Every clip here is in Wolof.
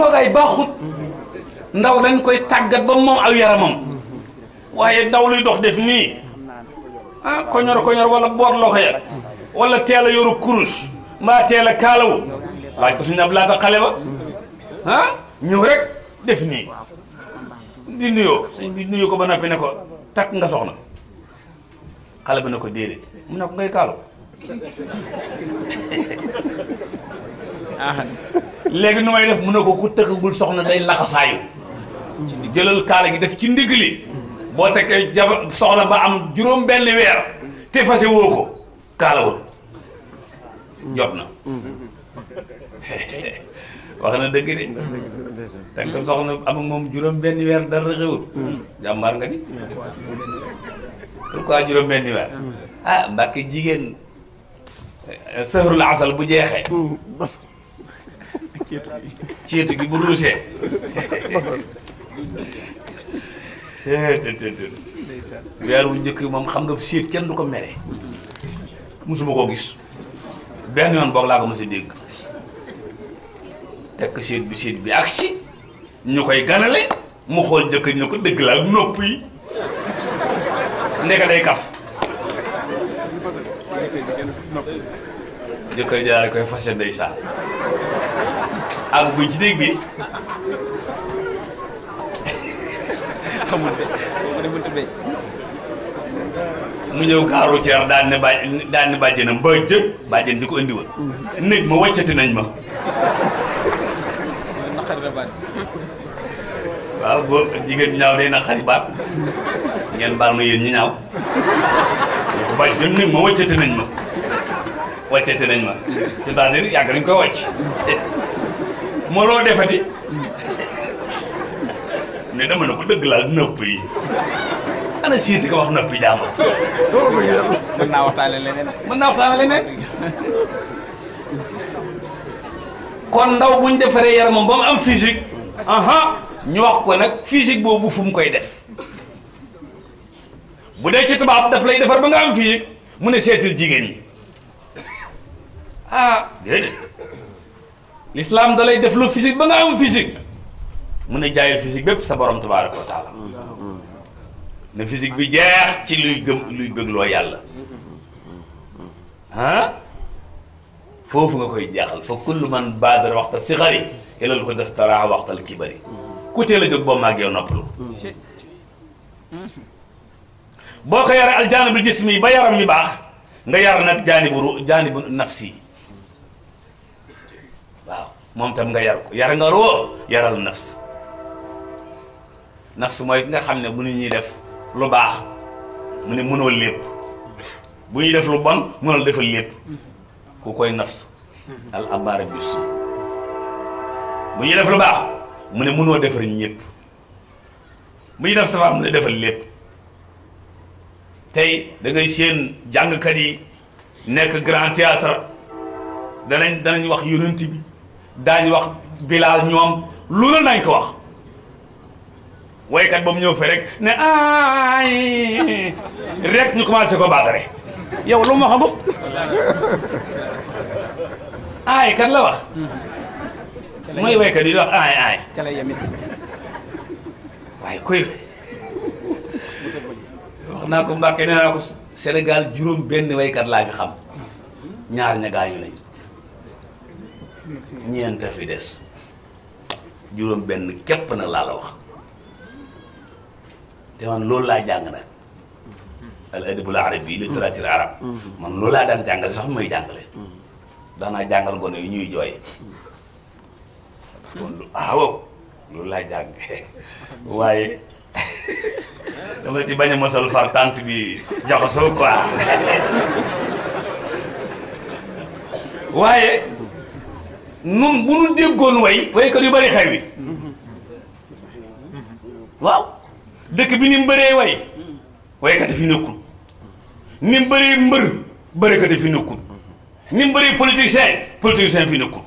toogaay baaxut ndaw dañ koy tàggat ba moom aw yaramam waaye ndaw luy dox def nii ah koñor koñor wala boor loxo ya wala teel a yoru kurus mbaa teel a kaalawu waaye ko suñu ab laata ah, rek def nii di nuyoo ko ba noppi ne ko takk nga soxna xale ba ne ko déedéet mu ne ko ngay kaalaw ah. léegi nu may def mu ne ko ku tëkkagul soxna day laxasaayu jëlal kaala gi def ci ndigg li boo tekkee jaba soxna ba am juróom benn weer te fase woo ko kaalawul jot na wax na dëgg de tànk soxna am ak moom juróom benn weer dara xewul jàmbaar nga di pourquoi juróom benn weer ah mbàkki jigéen eh, sëhrul asal bu jeexee mm, ceetu gi bu ruusee. weer wu njëkk moom xam nga séet kenn du ko mere. musuma koo gis. benn yoon boog laa ko mos a dégg. tekk séet bi séet bi agsi ñu koy ganale mu xool njëkk ñu ko dëgg la nopp yi. nekk day kaf. jëkkër jaar koy fase ndeysaan àgguñ ci néeg bi xamul mu ñëw gaaru ceer daan ne bàjj daan ne bàjjenam ba jët bàjjen di ko indi woon néeg ma wàccati nañ ma waaw góor jigéen ñu ñaaw day naqari baat ngeen baal ma yéen ñu ñaaw ko bàjjen néeg ma wàccati nañ ma wàccati nañ ma si daal yàgg nañ koy wàcc moo loo defati mais dama ne ko dëgg laa nopp yi ana siiti ko wax noppi jaama. mën naa leneen. mën naa waxtaane leneen. kon ndaw buñ ñu yar yaramam ba mu am physique. aha ñu wax ko nag physique boobu fu mu koy def bu dee ci tubaab daf lay defar ba nga am physique mun ne seetil jigéen ñi ah lislaam da lay def lu physique ba nga am physique mu ne jaayal physique bépp sa borom tabaaraka wa ne physique bi jeex ci luy gëm luy bëggloo yàlla ah foofu nga koy jeexal fa kullu man baadara waxta sixari ilal huda staraa waxtal kibari ku teel a jóg boo màggee noppalu boo ko yara al jismi ba yaram mi baax nga yar nag jaanibu ru nafsi moom tam nga yar ko yar nga roo yaral nafs nafs mooy ki nga xam ne bu nit ñuy def lu baax mu ne mënoo lépp bu ñuy def lu bon mënoo defal lépp ku koy nafs al ambaara bi su bu def lu baax mu ne mënoo defar ñëpp bu ñuy def safaan mu ne defal lépp tey da ngay seen jàngkat yi nekk grand théâtre danañ danañ wax yonent bi daañ wax bilaal ñoom lu la nañ ko wax waykat ba mu ñëw fe rek ne ay rek ñu commencé ko baatare yow lu mu wax a bopp aay kat la wax mooy waykat yi di wax aay aay waaye koy wax naa ko Mbàkke nee naa ko Sénégal juróom benn waykat laa fi xam ñaar ña gaañu lañ ñeent a fi des juróom benn képp nag laa la wax te man loolu laa jàng nag al bi arabi littérature arabe man loolu laa daan jàngale sax mooy jàngale daanaa jàngal ngoone yu ñuy jooy parce que ah loolu laa jàng waaye dama ci bañ a mosal far tànt bi jaxasoo quoi waaye nun bu nu déggoon way waykat yu bari xew yi waaw dëkk bi ni mu bëree way waykat yi fi nekkul ni mu bëree mbër bërekat yi fi nekkul ni mu bëree politicien politicien fi nekkul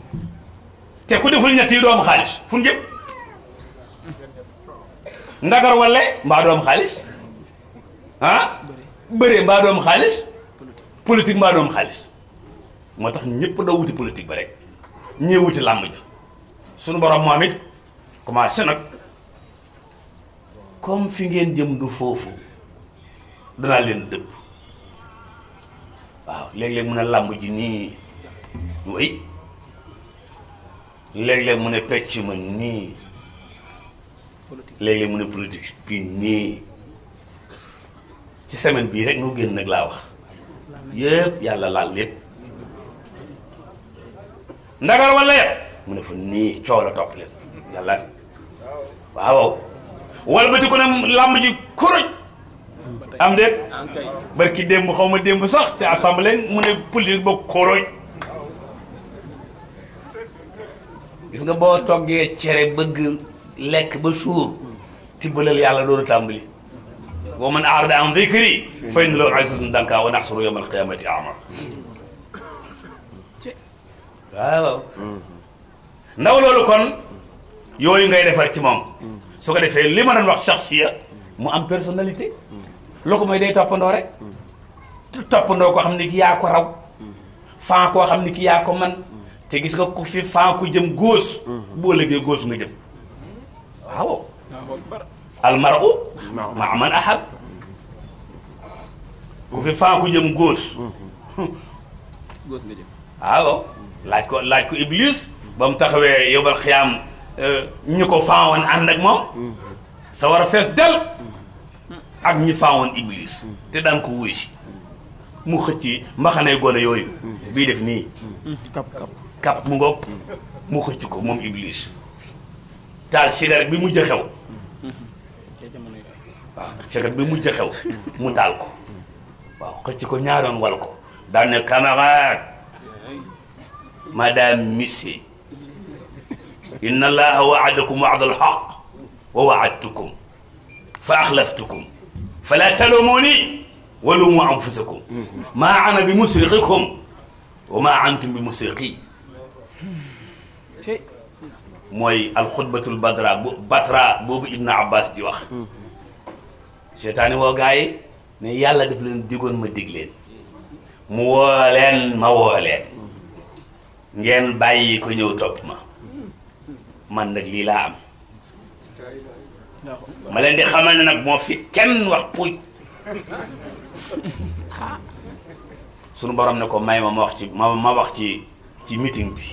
te ku deful ñett doomu xaalis fu ñu jëm mbaa doomu xaalis ah bëree mbaa doomu xaalis politique mbaa doomu xaalis moo tax ñëpp da wuti politique ba rek ñëwu ci làmb ja suñu borom moom it commencé nag comme fi ngeen jëm du foofu danaa leen dëpp waaw léeg-léeg mun a làmb ji nii wéy léeg-léeg mu ne pecc ma nii léeg-léeg mu ne politique bi nii ci semaine bii rek ñu génn nag laa wax yëpp yàlla laal lépp ndagar walla yet mu ne fa nii coow la topp leen yàlla waaw wal ba ti ko ne làmb ji kuruj am déet barki démb xaw ma démb sax ci assemblée mu ne politique ba kuruj gis nga boo toggee cere bëgg lekk ba suur tibbalal yàlla doon tàmbali wa man aarada an dikri fa inna lahu azizun danka wa naxsuru yawma alqiyamati ama waaw ndaw loolu kon yooyu ngay defar ci moom su ko defee li ma doon wax shaxsiya mu am personnalité loo ko mooy day toppandoo rek toppandoo koo xam ne ki yaa ko raw fan koo xam ne ki yaa ko man te gis nga ko fi fan ku jëm góos boo lëggee góos nga jëm waaw almaru maa man ahab ku fi fan ku jëm góos waaw laaj ko laaj ko Iblis ba mu taxawee yóbbal xiyaam euh, ñu ko faawoon ànd ak moom mm-hmm. sa war a fees del ak ñu faawoon Iblis mm-hmm. te daan ko wuy si mu xëcc mbaxanay gone yooyu mm-hmm. bii def nii kap kap kap mu ngoog mu xëcc ko moom Iblis taal cigarette bi mujj xew waaw ah, bi mujj xew mu taal ko waaw xëcc ko ñaaroon wal ko daan ne camarade مدام ميسي إن الله وعدكم وعد الحق ووعدتكم فأخلفتكم فلا تلوموني ولوموا أنفسكم ما أنا بمسرقكم وما أنتم بمسرقي موي الخطبة البدراء بطراء بوب ابن عباس دي وخ شيطان هو غاي مي يالا ديف لين ديغون ما ديغلين مو لين ما ngeen bàyyi ko ñëw topp ma man nag lii laa am ma leen di xamal ne nag moo fi kenn wax puuj sunu borom ne ko may ma ma wax ci ma ma wax ci ci meeting bi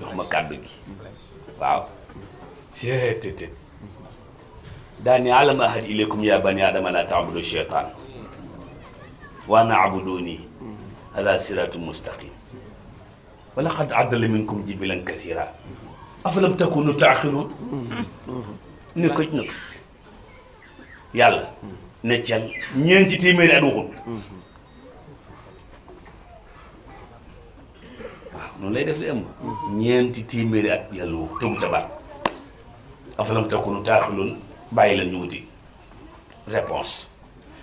jox ma kàddu gi waaw seetet daani alam ahad ilaykum ya bani adama la taabudu cheytaan wa ana abuduni ala siratu mustaqim ولقد عدل منكم جبلا كثيرا افلم تكونوا تعقلون نكوج نك يلا نجل نين جي تيمير ادوخون آه، نو لاي ديف لي ام نين تي تيمير اك يالو تو جبار افلم تكونوا تعقلون باي لن نودي ريبونس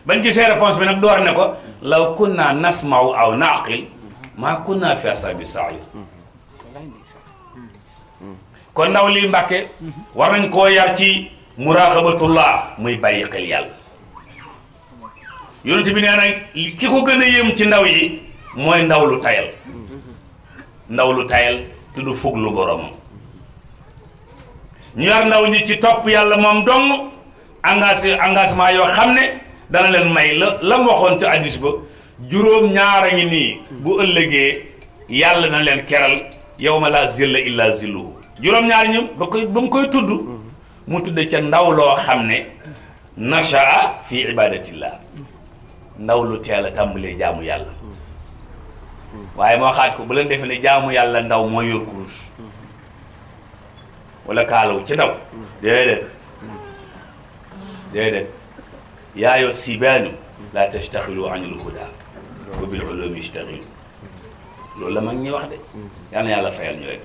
بان جي سي ريبونس بي نك دور نكو لو كنا نسمع او نعقل Ma kuna fi asabi sa'i ko ndaw li mbàkke war nañ koo yar ci muraqabatullah muy baye xel yàlla yonent bi nee na ki ko gëna yëm ci ndaw yi moy ndaw lu tayal ndaw lu tayal te du fug lu ñu yar ndaw ñi ci top yalla mom dong engagement yo xamne dana len may la ci hadith جروم نار ني بو ألغي يالا نا لين كيرال يوم لا زل إلا زلو جروم نار ني بكوي بمكوي تود مو تود تي نداو لو خامني نشا في عباده الله نداو لو تيالا تامبلي جامو يالا waye mo xat ko bu len def ni jaamu yalla ndaw mo yor kurus wala kalaw ci ndaw dede dede ya yo sibanu la tashtaghilu an al-huda wa bil ulum loolu la mag ñi wax de yàlla fayal ñu rek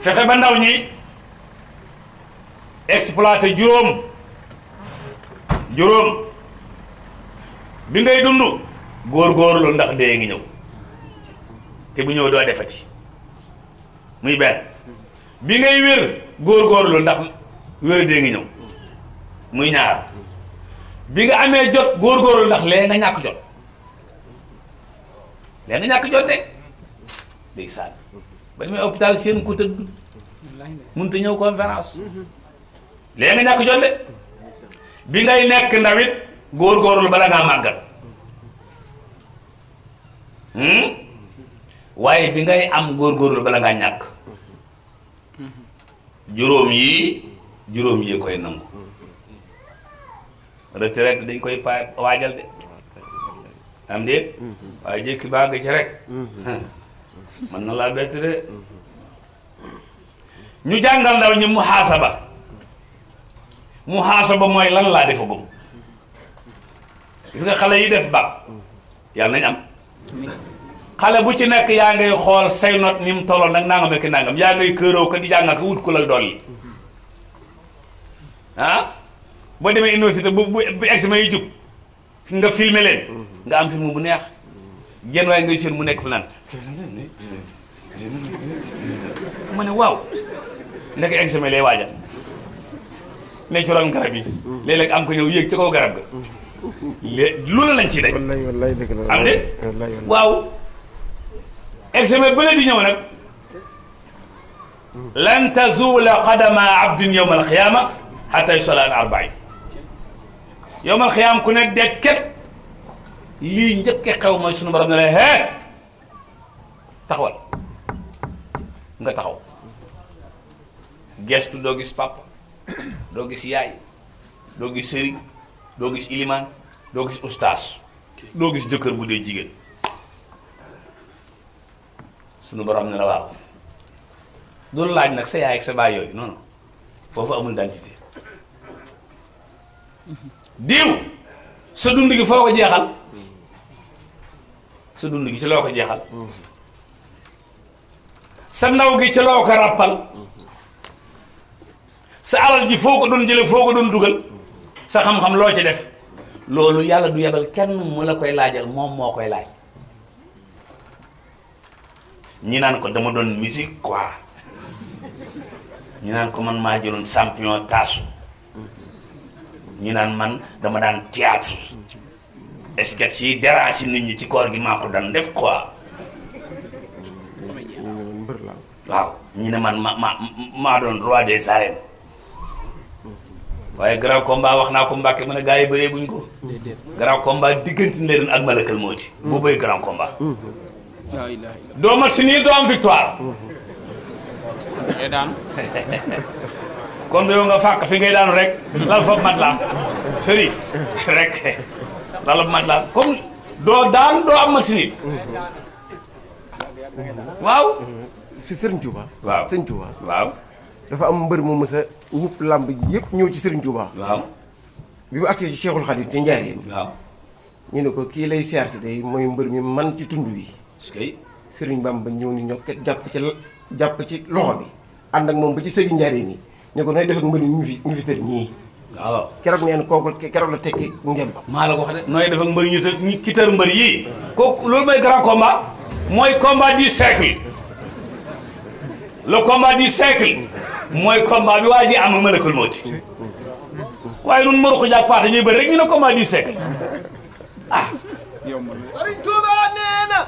fexe ba ndaw ñi exploité juróom juróom bi ngay dund góor-góorlu ndax dee ngi ñëw te bu ñëw doo defati muy benn bi ngay wér góor-góorlu ndax wér dee ngi ñëw muy ñaar bi nga amee jot góor-góorlu ndax lee nga ñàkk jot léegi nga ñàkk jot de ndeysaan ba ñu may hôpital seen ko tëdd mënut a ñëw conférence léegi nga ñàkk jot de bi ngay nekk ndawit góorgóorlu bala ngaa màggat hmm? waaye bi ngay am góorgóorlu bala ngaa ñàkk juróom yi juróom yi koy nangu retraite dañ koy pa waajal de am déet waaye jékki baa nga ci rek mën na laa bett de ñu jàngal ndaw ñi muhaasaba muhaasaba mooy lan laa defagum gis nga xale yi def bac yàlla nañ am xale bu ci nekk yaa ngay xool say not ni mu tolloon nag nangam ak nangam yaa ngay këraw di jàngal ko wut ku la dolli ah boo demee université bu bu examen yi jub nga filmé leen nga am film bu neex genn waaye ngay seen mu nekk fa naan ma ne waaw nekk examen lay waajal ne ci ron garab yi léeg-léeg am ko ñëw yéeg ci kaw garab ga lé loolu lañ ciy daj am de waaw examen bële di ñëw nag lan tazula qadama abdin yowma alqiyama xata yusalaa an arbain yow yowmal xiyaam ku nekk dekket lii njëkke xew ma suñu borom ne hee taxawal nga taxaw gestu doo gis papa doo gis yaay doo gis sëriñ doo gis ilimaan doo gis ustaas doo gis jëkkër bu dee jigéen sunu borom ne la waaw dul laaj nag sa yaay ak sa baay yooyu non non foofu amul identité diw sa dund gi foko ko jeexal sa dund gi ci loko ko jeexal sa ndaw gi ci loko rappal sa alal ji foko dund jele foko dund dugal sa xam-xam lo ci def lolou yalla du yabal kenn mu la koy lajal mom mo koy laj ñi nan ko dama don musique quoi ñi nan ko man ma jëlun champion ñu naan man dama daan théâtre sketch yi déranger nit ñi ci koor gi maa ko daan def quoi waaw ñu ne man ma ma maa doon roi des arènes waaye garaaw combat wax naa ko Mbàkke ma a gars yi bëree buñ ko. garaaw combat diggante ndërin ak malakal moo ci. bu bëy grand combat. doo si nii doo victoire. kon do nga fak fi ngay daanu rek lal fa mat la sërif rek lal fa mat la comme doo daan doo am machine waw ci serigne Touba waw serigne Touba waaw dafa am mbeur mo meusa wup lamb yep ñew ci serigne Touba waw bi mu accé ci Cheikhul Khadim te njaareen waw ñu ne ko ki lay siyaar day moy mbeur mi man ci tundu wi serigne Bamba ñew ni ñokket japp ci japp ci loxo bi and ak mom ba ci serigne njaareen yi ne ko noy def ak mbëri ñu fi ñu fi tër ñii waaw keroog neen kooku keroog la tekki ngem maa la ko wax de nooy def ak mbëri ñu tër ki tër mbëri yii kooku loolu mooy grand combat mooy combat du siècle le combat du siècle mooy combat bi waa am malakul mawti waaye nun moroxu jaak paata ñuy bëri rek ñu ne combat du siècle ah sëriñ Touba nee na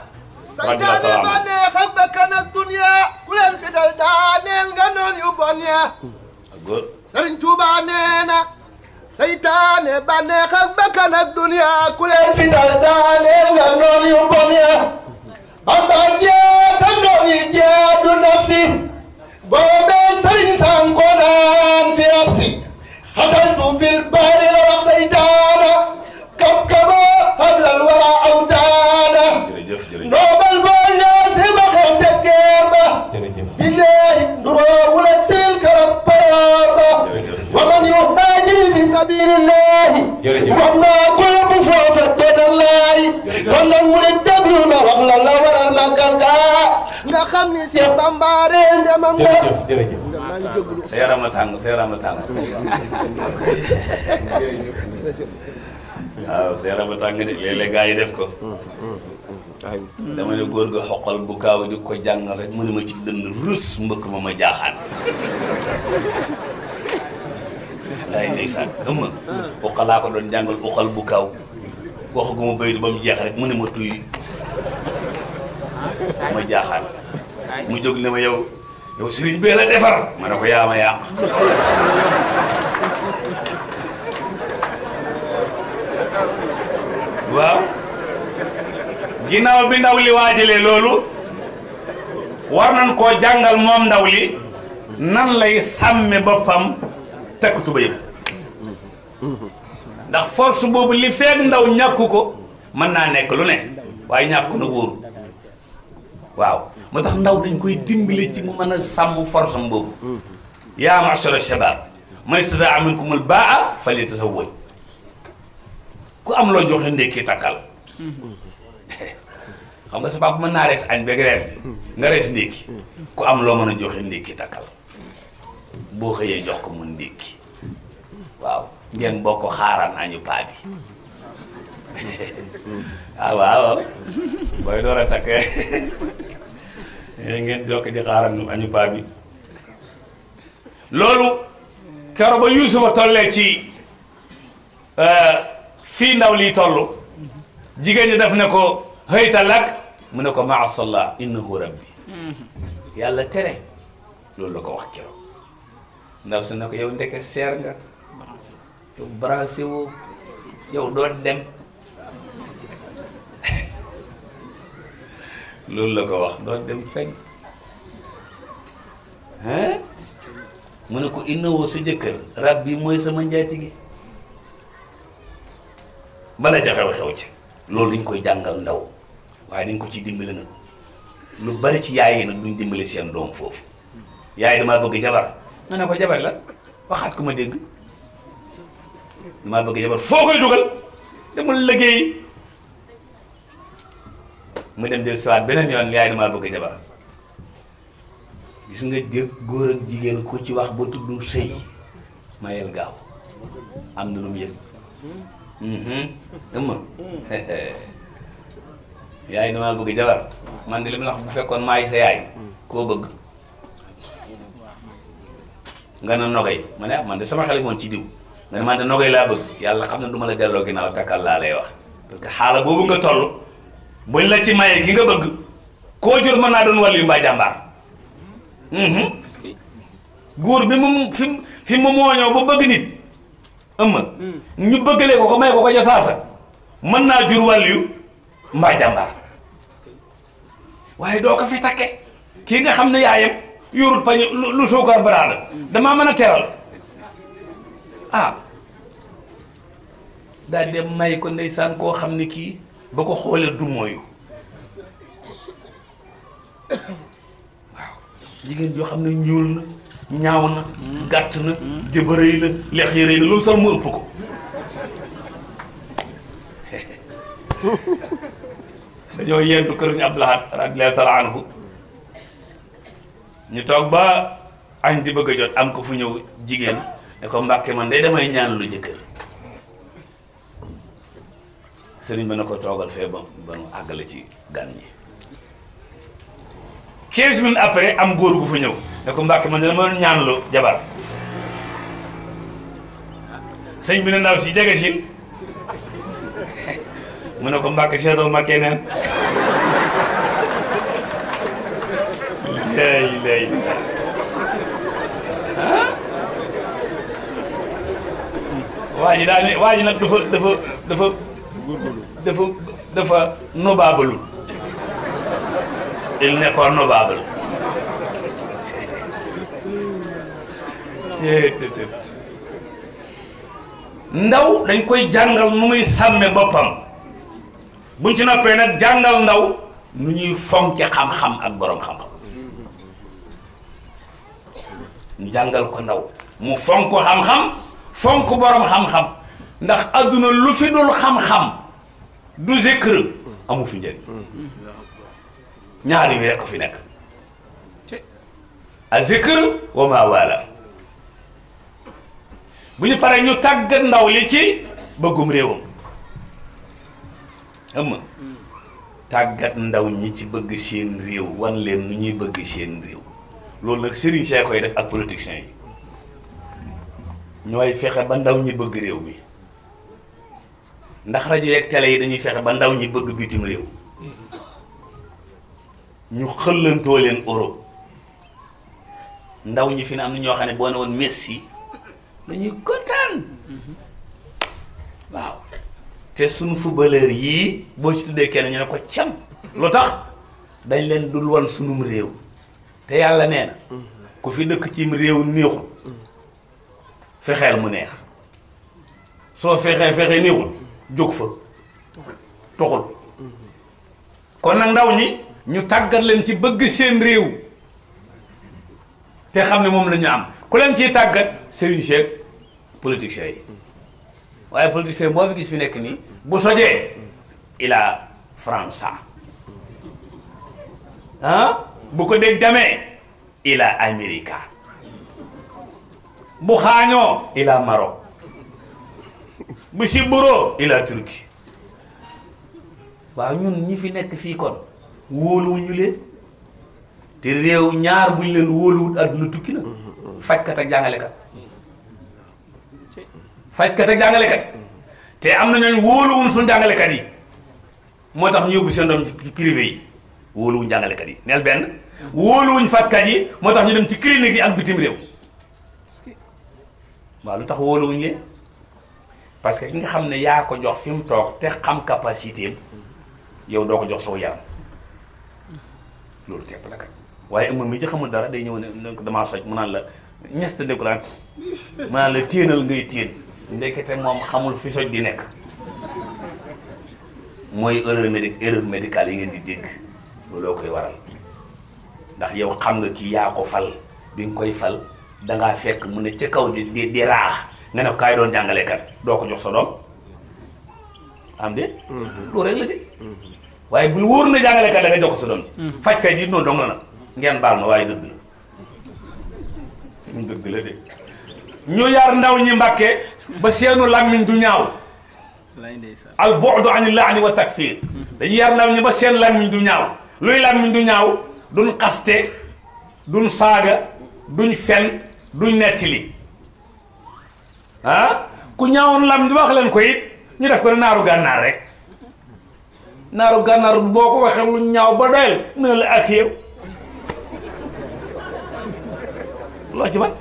saytaane ba neex ak bakkan ak dunya ku leen fital sëriñ Tuuba nee na saytaane bànneex ak bakkan ak duniya ku leen fi dal daa leen nga noon yi def ko. Mm, mm, mm, dama ne góor ga xoqal bu kaaw di ko jàngal rek mu ne ma ci dënn rus mbëkk ma ma jaaxaan. laay ndeysaan xam nga. uqal laa ko doon jàngal uqal bu kaaw waxaguma baydu ba mu jeex rek mu ne ma tuy ma jaaxaan mu jóg ne ma yow yow sëriñ bee la defar ma ne ko yaa ma yàq. ginnaaw bi ndaw li waajalee loolu war nañ koo jàngal moom ndaw li nan lay sàmme boppam takk tubéyam ndax force boobu li feeg ndaw ñàkku ko mën naa nekk lu ne waaye ñàkku na wóoru waaw moo tax ndaw dañ koy dimbali ci mu mën a sàmm force am boobu yaa ma'shara shabaab man istataa minkumul baa'a falyatazawwaj ku am loo joxe ndékki takkal xam nga sa papa naa rees añ beeg nga rees ndékki ku am loo mën a joxe ndékki takkal boo xëyee jox ko mun ndékki waaw ngeen bokk xaaraan añu paa bi ah, loolu kero ba Yuusufa tollee ci euh, fii ndaw lii toll jigéen ñi daf ne ko hëyta lak mu ne ko maasalla innahu rabbi yàlla tere loolu la ko wax keroog ndaw su ne ko yow ndeke seer nga yow branché woo doo dem loolu la ko wax doo dem fenn hein mu ne ko innawoo sa jëkkër rab bi mooy sama njaati gi bala jaxew xew ci loolu dañ koy jàngal ndaw waaye dañ ko ci dimbale nag lu bari ci yaay yi nag duñ dimbale seen doom foofu yaay damaa bëgg jabar nga ne ko jabar la waxaat ko ma dégg damaa bëgg jabar foo koy dugal demul liggéey mu dem del sawaat beneen yoon yaay damaa bëgg jabar gis nga góor ak jigéen ku ci wax ba tudd sëy mayel gaaw am na lu mu yëg mm-hmm. ëmma yaay dama bëgg jabar man di lim wax bu fekkoon maay sa yaay koo bëgg nga na nogay ma ne ah, man de sama xel woon ci diw nga ne man de nogay laa bëgg yàlla xam ne du ma la delloo ginnaaw takkal laa lay wax parce que xaala boobu nga toll buñ la ci maye ki nga bëgg koo jur mën naa doon wàllu yu mbaa jàmbaar mhm. góor bi mu fi fi mu mooñoo ba bëgg nit ëmma mm. ñu bëggalee ko ko may ko ko ja saasa mën naa jur wàllu maa jàmbaar waaye doo ko fi takke kii nga xam ne yaayam yorut pañe lu suukar baraada damaa mën a teral ah daal dem may ko ndeysaan koo xam ne kii ba ko xoolee du mooyu waaw jigéen joo xam ne ñuul na ñaaw na gàtt na jëbërëy na lex yi na loolu sax ëpp ko dañoo yendu kër ñu Abdul Ahad radiyallaahu taalaa anhu ñu toog ba añ di bëgg a jot am ko fu ñëw jigéen ne ko Mbàkke man day damay ñaan lu jëkkër sëriñ ba ne ko toogal fee ba mu àggale ci gan ñi 15 minutes après am góor gu fu ñëw ne ko Mbàkke man dama ñaan jabar sëñ bi ne ndaw si jege si mu ne ko mbàkke seetal ma keneen lay lay ah waa ji daal dafa dafa dafa dafa dafa nobaabalul il n'est pas ndaw dañ koy jàngal nu muy sàmme boppam buñ ci noppee nag jàngal ndaw nu ñuy fonke xam-xam ak boroom xam-xam jàngal ko ndaw mu fonk xam-xam fonk boroom xam-xam ndax àdduna lu fi dul xam-xam du zikr amu fi njëriñ ñaari wi rekk fi nekk a zikr wa ma bu ñu paree ñu tàggat ndaw li ci bëggum réewam ëmma tàggat ndaw ñi ci bëgg seen réew wan leen nu ñuy bëgg seen réew loolu nag sëriñ see koy def ak politiciens yi ñooy fexe ba ndaw ñi bëgg réew mi ndax rajo yeeg télé yi dañuy fexe ba ndaw ñi bëgg bitim réew ñu xëllantoo leen Europe ndaw ñi fi ne am na ñoo xam ne boo ne woon Messi dañuy kontaan mm-hmm. waaw te suñu footballeur yii boo ci tuddee kenn ñu ne ko cam lu tax dañ leen dul wan sunum réew te yàlla nee na ku fi dëkk cim réew neexul fexeel mu neex soo fexee fexe neexul jóg fa toxul kon nag ndaw ñi ñu tàggat leen ci bëgg seen réew te xam ne moom la am ku leen ciy tàggat sëriñ Cheikh politique yi waaye politicien moo fi gis fi nekk nii bu sojee il a franc ah bu ko dégg jamee il a bu xaañoo il a Maroc bu sibburoo il a Turquie waaw ñun ñi fi nekk fii kon wóoluwu leen te réew ñaar buñ leen wóoluwut adduna tukki la fajkat ak jàngalekat fajkat ak jàngalekat te am na ñooñu wóoluwuñ su jàngalekat yi moo tax ñu yóbbu seen doom ci privé yi wóoluwuñ jàngalekat yi neel benn wóoluwuñ fajkat yi moo tax ñu dem ci clinique yi ak bitim réew waaw lu tax wóoluwuñ leen parce que ki nga xam ne yaa ko jox fi mu toog te xam capacité yow doo ko jox soo yaram loolu képp la kat waaye amul mi ci xamul dara day ñëw ne damaa soj mu naan la ñeste dëkku laan mu naan la téenal ngay téen ndekete moom xamul fi soj di nekk mooy erreur médic erreur médicale yi ngeen di dégg looloo koy waral ndax yow xam nga kii yaa ko fal bi nga koy fal danga fekk mu ne ca kaw di di di raax nga ne kaay doon jàngalekat doo ko jox sa doom am de mm-hmm. loolu rek la de waaye bu wóor na jàngalekat da jox ko sa doom mm-hmm. fajkay di noonu dong la nag ngeen baal ma waaye dëgg la dëgg la de ñu yar ndaw ñi mbàkke ba seenu làmmiñ du ñaaw al bu'du ani laani wa takfir dañuy yar ndaw ñi ba seen làmmiñ du ñaaw luy làmmiñ du ñaaw duñ xaste duñ saaga duñ fen duñ nettili ah ku ñaawoon làmmiñ wax leen ko ñu def ko ne naaru gànnaar rek naaru gànnaar boo ko waxee lu ñaaw ba doyal na la ak yow loo ci ban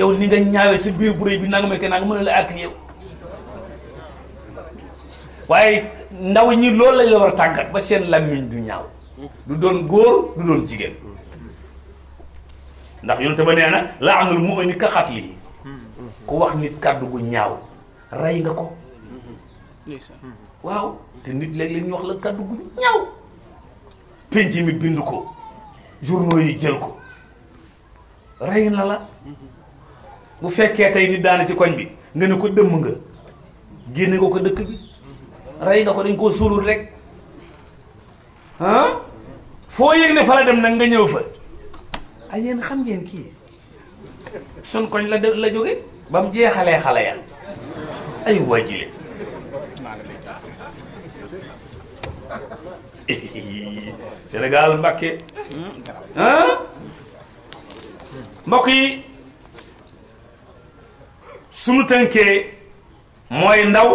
yow ni nga ñaawee si biir bu bi nanga ma ke nanga mën la ak yow waaye ndaw ñi loolu lañ la war a tàggat ba seen làmmiñ du ñaaw du doon góor du doon jigéen ndax yonte ba nee na laa anul mu ni ka lii ku wax nit kàddu gu ñaaw rey nga ko waaw te nit léeg lañuy wax la kàddu gu ñaaw penc mi bind ko journaux yi jël ko rey na la bu fekkee tey ni daana ci koñ bi nga ne ko dëmm nga génne nga ko dëkk bi rey nga ko dañ koo suulul rek ah foo yëg ne fa la dem nag nga ñëw fa ay yéen xam ngeen kii sun koñ la la jóge ba mu jeexalee xale ya ay wàjjile Sénégal Mbàkke ah mbokk suñu tënkee mooy ndaw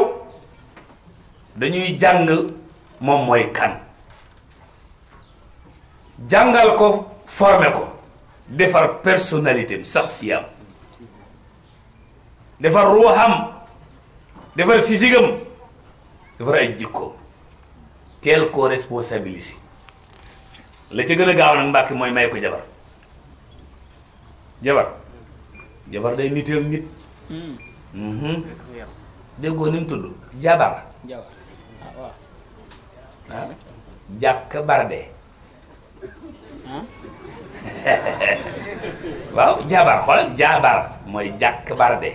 dañuy jàng moom mooy kan jàngal ko former ko defar personnalité am sax siyam defar ruuxam defar physique am defar ay jikkoom teel koo responsabilisé la ca gën a gaaw nag mbàkki mooy may ko jabar jabar jabar day nitam nit Mm-hmm. déggoo ni mu tudd jabar ah jàkk barde waaw jabar xoolal jabar mooy jàkk barde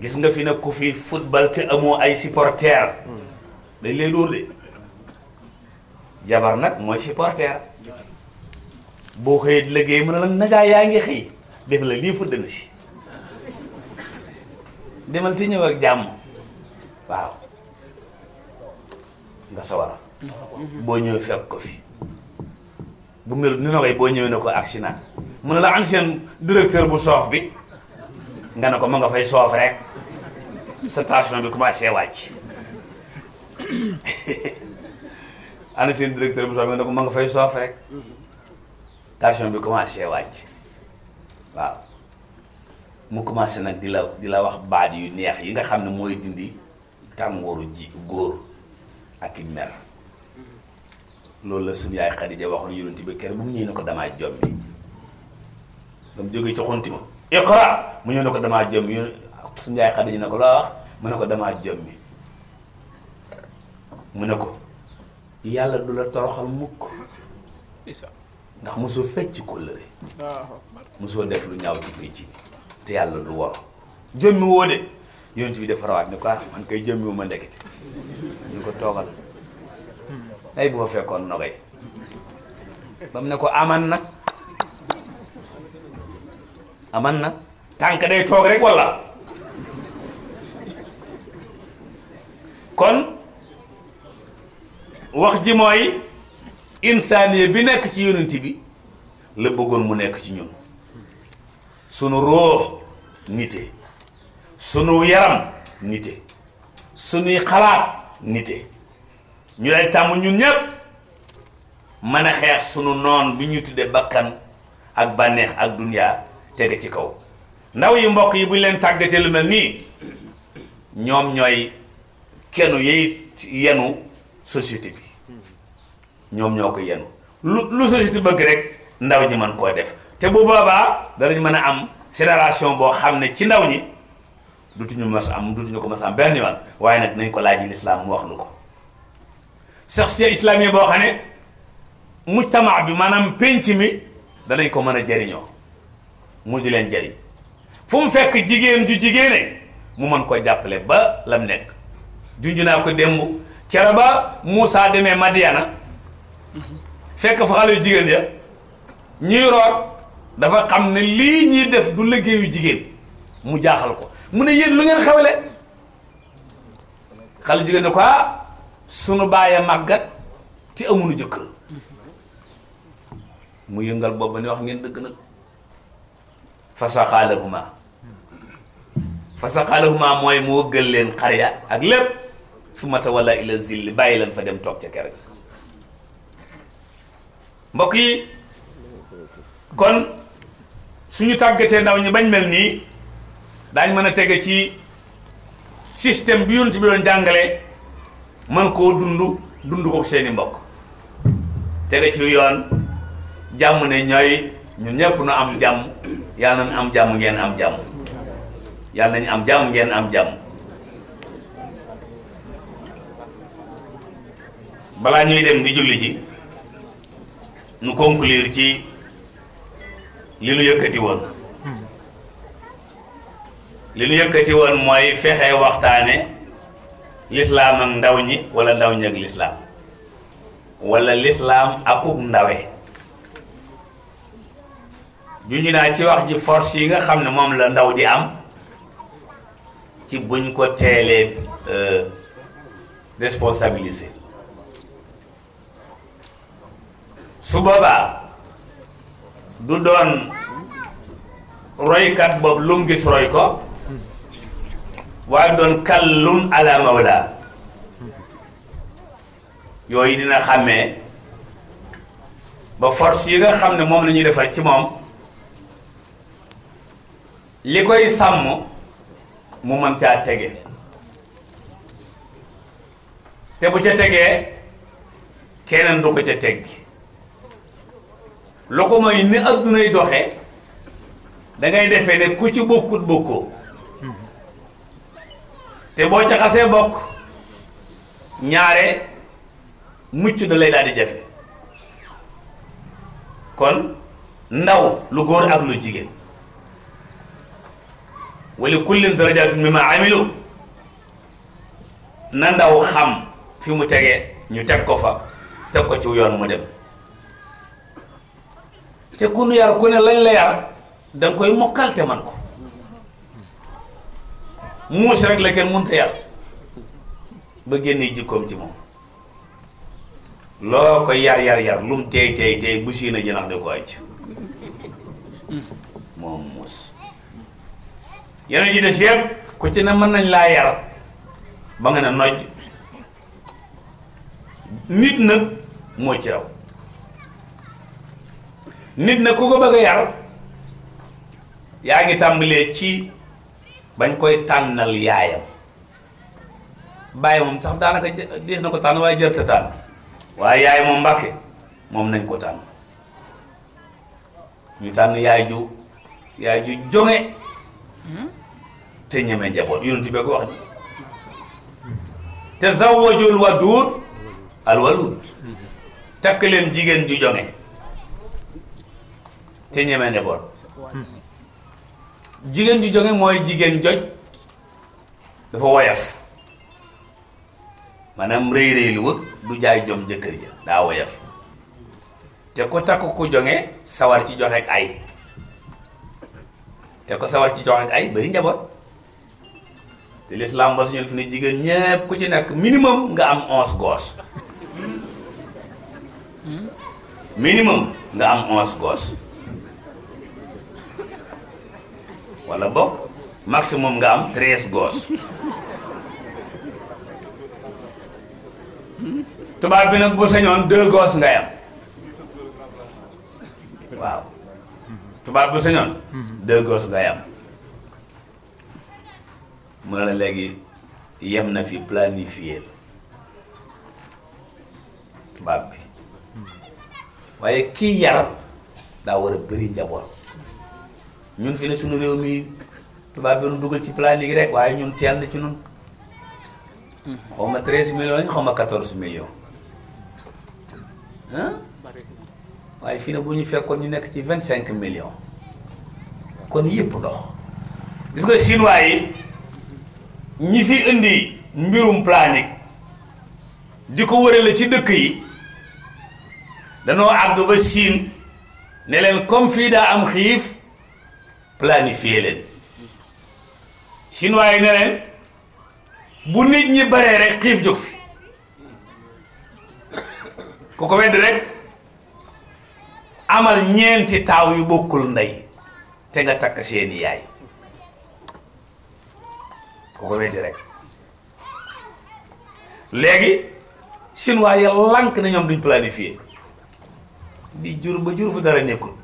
gis nga fi nag ku fi football te amoo ay supporter hmm. dañ lay dóor de jabar nag mooy supporter boo xëyee di liggéey mu ne la najaa yaa ngi xëy def la lii fudd na si demal te ñëw ak jàmm waaw nga sawara boo ñëwee fekk ko fi bu mel ni na koy boo ñëwee ne ko accident mu ne la ancien directeur bu soof bi nga ne ko ma nga fay soof rek sa tension bi commencé wàcc ancien directeur bu soof nga ne ko ma nga fay soof rek tension bi commencé wàcc waaw mu commencé nag di la di la wax baat yu neex yi nga xam ne mooy dindi tàngooru ji góor ak i mer loolu la suñu yaay Xadija waxoon yonent bi kër bu mu ñëwee ne ko damaa jommi ba mu jógee ci ma iqra mu ñëw ne ko damaa jommi suñu yaay Xadija ne ko loo wax ne ko damaa jommi mu ne ko yàlla du la toroxal mukk ndax mosoo fecc ci kóllëre mosoo def lu ñaaw ci te yàlla lu war jëmmi woo de yonent bi dafa rawaat ne ko ah, ma ndekete ko toogal hmm. ay bu fa fekkoon nogay ko aman nag aman na tànk day toog rek walla kon wax ji insaaniya bi nekk ci yonent bi la bëggoon mu nekk ci ñun sunu ruux nite sunu yaram nite sunuy xalaat nite ñu lay tàmm ñun ñépp mën a xeex sunu noon bi ñu tuddee bakkan ak bànneex ak duniyaa tege ci kaw ndaw yi mbokk yi bu ñu leen tàggatee lu mel nii ñoom ñooy kennu yey yenu société bi ñoom ñoo ko yenu lu lu société bëgg rek ndaw ñi mën koo def te bu boobaa danañ mën a am génération boo xam ne ci ndaw ñi dutuñu mas am dutuñu ko mas am benn yoon waaye nag nañ ko laaj lislaam mu wax lu ko saxsiya islaam yi boo xam ne mujtama bi maanaam pénc mi danañ ko mën a jariñoo mu di leen jariñ fu mu fekk jigéen ju jigéene mu mën ko jàppale ba lam nekk junju naa ko démb kere ba muusa demee Madiana fekk fa xale yu jigéen ya ñuy root dafa xam ne lii ñuy def du liggéeyu jigéen mu jaaxal ko mu ne yéen lu ngeen xewle xale jigéen ne ko ah sunu bàyyee màggat te amul jëkkër mu yëngal boobu ni wax ngeen dëgg nag fasaxaa lahuma fasaxaa lahuma mooy moo wëggal leen xar ak lépp su mata walla ila zilli bàyyi leen fa dem toog ca kër mbokk yi kon suñu tàggatee ndaw ñi bañ mel nii daañ mën a tege ci système bi yonent bi doon jàngale mën koo dund dund ko seeni mbokk tege ci yoon jàmm ne ñooy ñun ñëpp nu am jàmm yàlla nañu am jàmm ngeen am jàmm yàlla nañu am jàmm ngeen am jàmm balaa ñuy dem di julli ji nu conclure ci li nu yëkkati woon li nu yëkkati woon mooy fexe waxtaane lislaam ak ndaw ñi wala ndaw ñi ak lislaam wala lislaam akub ndawe juñu naa ci wax ji force yi nga xam ne moom la ndaw di am ci buñ ko teelee euh, responsabiliser su boobaa du doon roykat boobu lu mu gis roy ko waaye doon kallun ala mawla yooyu dina xàmmee ba force yi nga xam ne moom la ñuy defar ci moom li koy sàmm mu mën caa tege te bu ca tegee keneen du ko ca teggi lu ko mooy ni addunay doxee da ngay defee ne ku ci bokkut bokkoo te boo ca xasee bokk ñaare mucc da lay daal di jafe kon ndaw lu góor ak lu jigéen wala kullin darajatun mimma amilu na ndaw xam fi mu tege ñu teg ko fa teg ko ci yoon mu dem te ku nu yar ku ne lañ la yar danga koy mokkal te man ko muus rek la kenn mënta yar ba génnee jikkoom ci moom loo ko yar yar yar lum tey tey tey bu siina jënax de ko acc moom muus yeneen ji de seet ku ci ne mën nañ laa yar ba nga ne noj nit nag moo ci raw nit na ku ko bëgg a yaa ngi tàmbalee ci bañ koy tànnal yaayam bàyyi moom sax daanaka dees na ko tànn waaye jërta tànn waaye yaay moom mbàkke moom nañ ko tànn ñu tànn yaay ju yaay ju jonge hmm? te ñeme njaboot yonent bi ko wax ni te zawwajul wadud al walud hmm. takk leen jigéen ju jonge te ñemee njaboot jigéen ju jóge mooy jigéen joj dafa woyaf maanaam rëy rëy lu wëg du jaay jom jëkkër ja daa woyaf te ku takk ku jonge sawar ci joxe ak ay te ko sawar ci joxe ak ay bari njaboot te lislaam ba suñu fi ne jigéen ñépp ku ci nekk minimum nga am onze gos hmm? minimum nga am onze gos wala bok maximum nga am 13 gos tubaab bi nak bu sañoon 2 gos nga yam waaw tubaab bu sañoon 2 gos nga yam mo la léegi yam na fi planifier tubaab bi waye ki yar da wara a bëri ñun fi ne suñu réew mi tubaab bi nu dugal ci plan rek waaye ñun teel na ci ñun xaw ma treize millions lañ xaw ma quatorze millions ah waaye fii ne bu ñu fekkoon ñu nekk ci vingt cinq millions kon yëpp dox gis nga chinois ñi fi indi mbirum planique di ko wërale ci dëkk yi danoo àgg ba Chine ne leen comme fii daa am xiif planifier leen chinois yi ne bu nit ñi baree rek xiif jóg fi ku ko wedd rek amal ñeenti taaw yu bokkul ndey te nga takk seeni yaay ku ko weddi rek léegi chinois ya lànk na ñoom duñ planifier di jur ba jur fu dara nekkul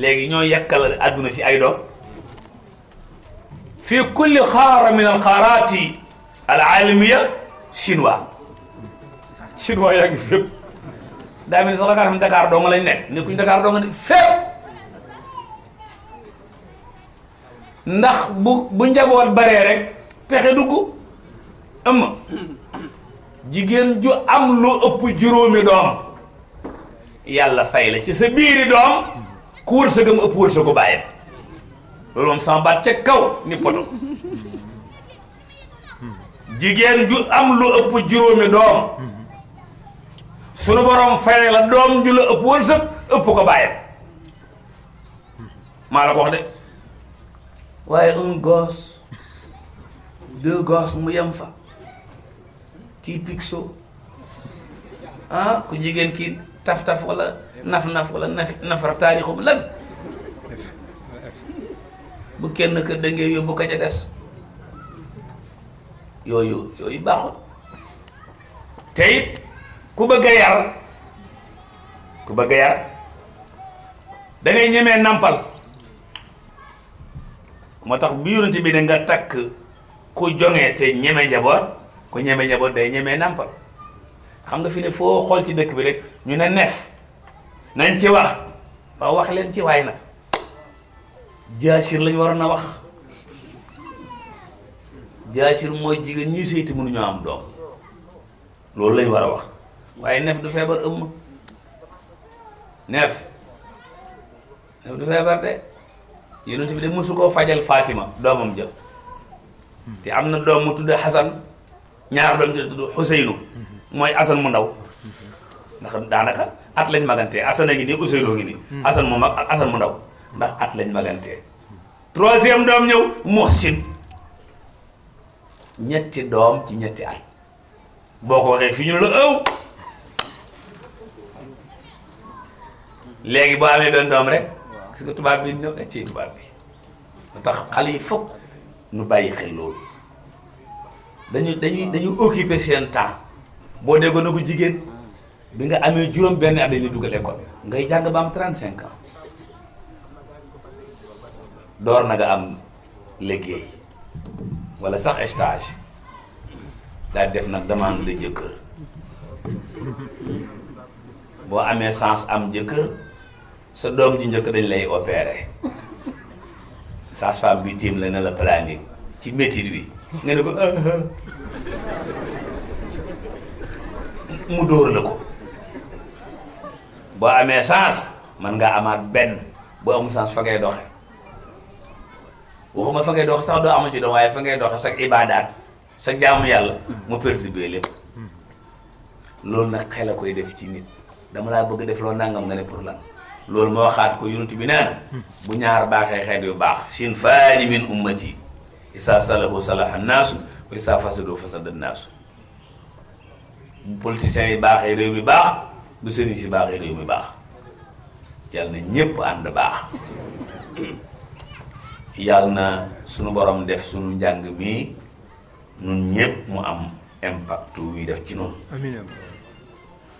léegi ñoo yàkkal àdduna si ay doom fi kulli xaara min al xaaraati al alamiya chinois fépp daa ni sax da ngaa xam Dakar doo nga lañ nekk nekkuñ Dakar doo nga ne fépp ndax bu bu njaboot baree rek pexe dugg ëmm jigéen ju am lu ëpp juróomi doom yàlla fay la ci sa biiri doom ku wërsëgam ëpp wërsëgu bàyyam loolu moom sama baat ca kaw ni poto jigéen ju am lu ëpp juróomi doom sunu borom fay la doom ju la ëpp wërsëg ëpp ko bàyyam maa la ko de waaye un gosse deux gosses mu yem fa kii picso ah ku jigéen kii taf-taf wala naf-naf wala naf nafar taarixum lan bu kenn kër da yóbbu ka ca des yooyu yooyu baaxul te ku bëgg a yar ku bëgg yar da ngay ñemee nampal moo tax bu yonent bi ne nga takk ku joŋee te ñeme njaboot ku ñeme njaboot day ñemee nampal xam nga fi ne foo xool ci dëkk bi rek ñu ne neef nañ ci wax wax leen ci waay nag jaasir lañ waroon a wax jaasir mooy jigéen ñuy sëy te am doom loolu lañ war a wax waaye nef du feebar ëmm neef neef du feebar de yonent bi de mësu koo fajal Fatima doomam jël te am na doom mu tudd Xasan ñaar doom ji tudd Xuseynu mooy Assane mu ndaw ndax daanaka at lañ magantee Assane a ngi nii Ousseynou ngi nii. Mm. Assane mu mag ak mu ndaw ndax at lañ magantee. troisième doom ñëw Mohsin ñetti doom ci ñetti at boo ko waxee fi ñu la ëw léegi boo amee benn doom rek parce que tubaab bi ñëw eh, ci tubaab bi mu tax xale yi foog nu bàyyi xëy loolu dañu dañuy dañu occuper seen temps boo dee gone gu jigéen bi nga amee juróom benn at dañuy dugal école ngay jàng ba am 35 ans door na am liggéey walla sax stage daal def nag demande de jëkkër boo amee sens am jëkkër sa doom ji njëkk dañ lay opeere sage-femme bi tiim la ne la planning ci métier bi nga ne ko ah, ah. mu dóor la ko boo amee chance man nga amaat benn boo am chance fa ngay doxe waxuma fa ngay doxe sax doo am ci doom waaye fa ngay doxe sax ibaadaat sa jaamu yàlla mu perturbé lépp loolu nag xel a koy def ci nit dama laa bëgg def loo nangam nga ne pour lan loolu ma waxaat ko yonent bi nee bu ñaar baaxee xeet yu baax sin faani min ummati isaa salahu salaha naasu wa isaa fasado fasada naasu politiciens yi baaxee réew mi baax lu sëriñ si baaxee réew mi baax yàlla na ñépp ànd baax yàlla na sunu borom def suñu njàng mi nun ñépp mu am impact wuy def ci noonu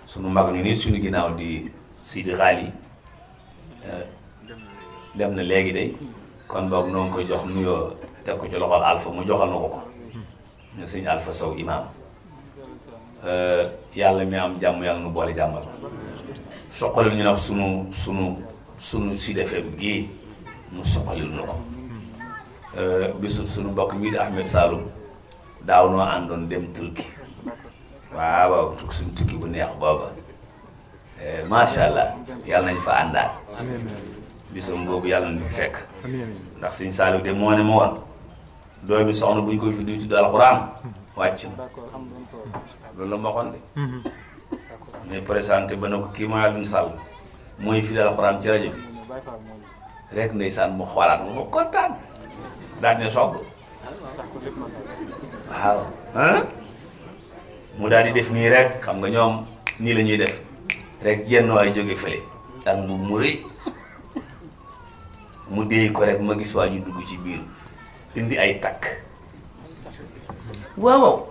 sunu mag ñu ni suñu ginnaaw di Sidi Xaali eh, dem na léegi de kon boog noo ngi koy jox nuyoo teg ko ci loxol Alpha mu joxal na ko ko ne hmm. sëñ Alpha Sow imaam Euh, yàlla mi am jàmm yàlla nu boole jàmmal soqalil ñu nag sunu sunu sunu Sud FM gii mu soqalil nu ko euh, bisu sunu mbokk mii di Ahmed Saloum daaw noo àndoon dem turki waaw suñu tukki bu neexu booba euh, macha allah yàlla nañ fa àndaat bisam boobu yàlla nañ fi fekk ndax suñ Saliou de moo ne ma woon doomi soxna buñ ko fi nuy tudd alxuraan wàcc na loolu la ma waxoon de. ñu mhm. présenté ba nako ki ma maa sal moy fi dal qur'an ci rek neysan mu xolat mu ko kontaan daal ne soog waaw mu dal di def ni rek xam nga ñom ni lañuy def rek yenn way joge fele ak mu muri mu déy ko rek ma gis waa dugg ci biir indi ay tak waaw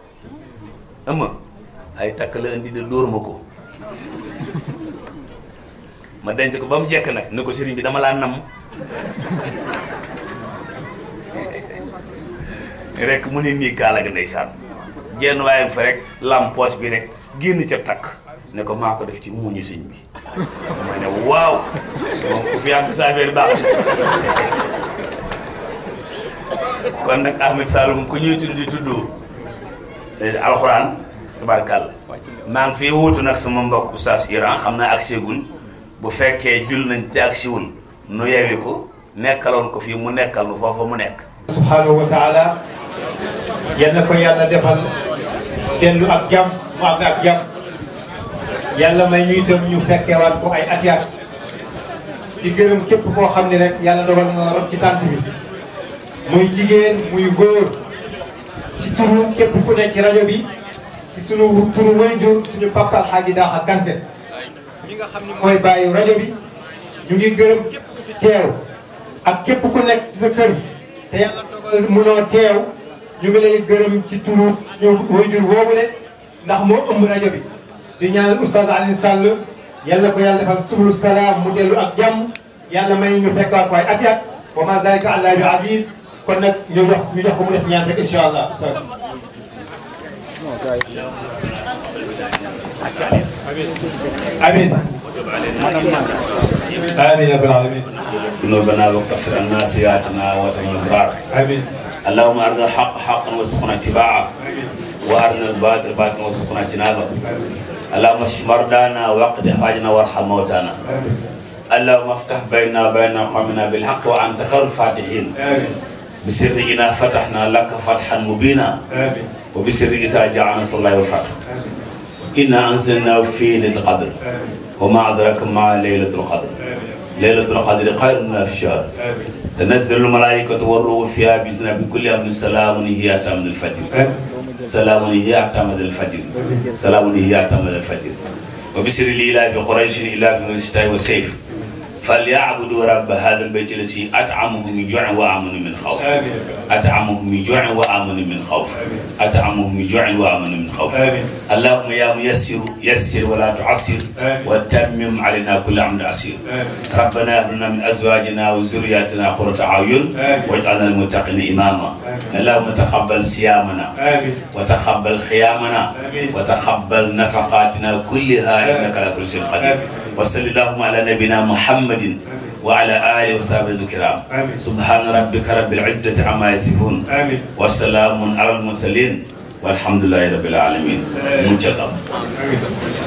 ama ay takale la indi de dóor mako ma denj ko bam jek nak ne ko serigne bi dama la nam rek mune ni gala ga ga ndeysaan jenn waaye fa rek lam poche bi rek genn ci tak ne ko mako def ci muñu serigne bi ma ne fi ak sa fer baax kon nak ahmed saloum ko ñu tuddu tuddu eh, alquran tubaarkàlla maa ngi fi wuutu nag sama mbokk sas Iran xam ne ak guñ bu fekkee jul nañ te agsi wuñ nu yewi ko nekkaloon ko fii mu nekkal nu foofa mu nekk subhaanahu wa taala yal ko yàlla defal dellu ak jàmm mu àgg ak jàmm yàlla may ñu itam ñu fekkewaat ko ay atiyaat di gërëm képp koo xam ne rek yàlla dogal na rot ci tànt bi muy jigéen muy góor ci turu képp ku nekk rajo bi si sunu turu waajur suñu papa Alxaaji Daaxa Kanté mooy bàyyi rajo bi ñu ngi gërëm teew ak képp ku nekk ci sa kër te yàlla dogal munoo teew ñu ngi lay gërëm ci turu suñu waajur woowule ndax moo ëmb rajo bi di ñaanal oustaz Alioune Sall yàlla ko yàlla defal subul salaam mu dellu ak jàmm yàlla may ñu fekk ak waay ati at wa ma zalika allah bi aziz kon nag ñu jox ñu jox ko mu def ñaan rek incha allah امين امين يا رب العالمين ذنوبنا وكفر عنا سيئاتنا وتمن الابرار امين اللهم ارنا الحق حقا وارزقنا اتباعه وارنا الباطل باطلا وارزقنا اجتنابه اللهم اشف مرضانا واقض حاجنا وارحم موتانا اللهم افتح بيننا وبين قومنا بالحق وانت خير الفاتحين بسرنا فتحنا لك فتحا مبينا امين وبسر إذا جاء صلى الله والفتح إنا أنزلنا في ليلة القدر وما أدراك ما ليلة القدر ليلة القدر خير من ألف شهر تنزل الملائكة والروح فيها بإذن بكل أمن سلام هي أتى من الفجر سلام هي أتى الفجر سلام هي أتى الفجر وبسر الإله في قريش الإله في الشتاء والسيف فليعبدوا رب هذا البيت الذي أطعمه من جوع وآمن من خوف أطعمه من جوع وآمن من خوف أطعمه من جوع وآمن من خوف اللهم يا ميسر يسر ولا تعسر وتمم علينا كل عمل عسير ربنا هب لنا من أزواجنا وذرياتنا قرة أعين واجعلنا المتقين إماما اللهم تقبل صيامنا وتقبل خيامنا وتقبل نفقاتنا كلها إنك على كل شيء قدير وصل اللهم على نبينا محمد وعلى آله وصحبه الكرام سبحان ربك رب العزة عما يصفون وسلام على المرسلين والحمد لله رب العالمين منتقم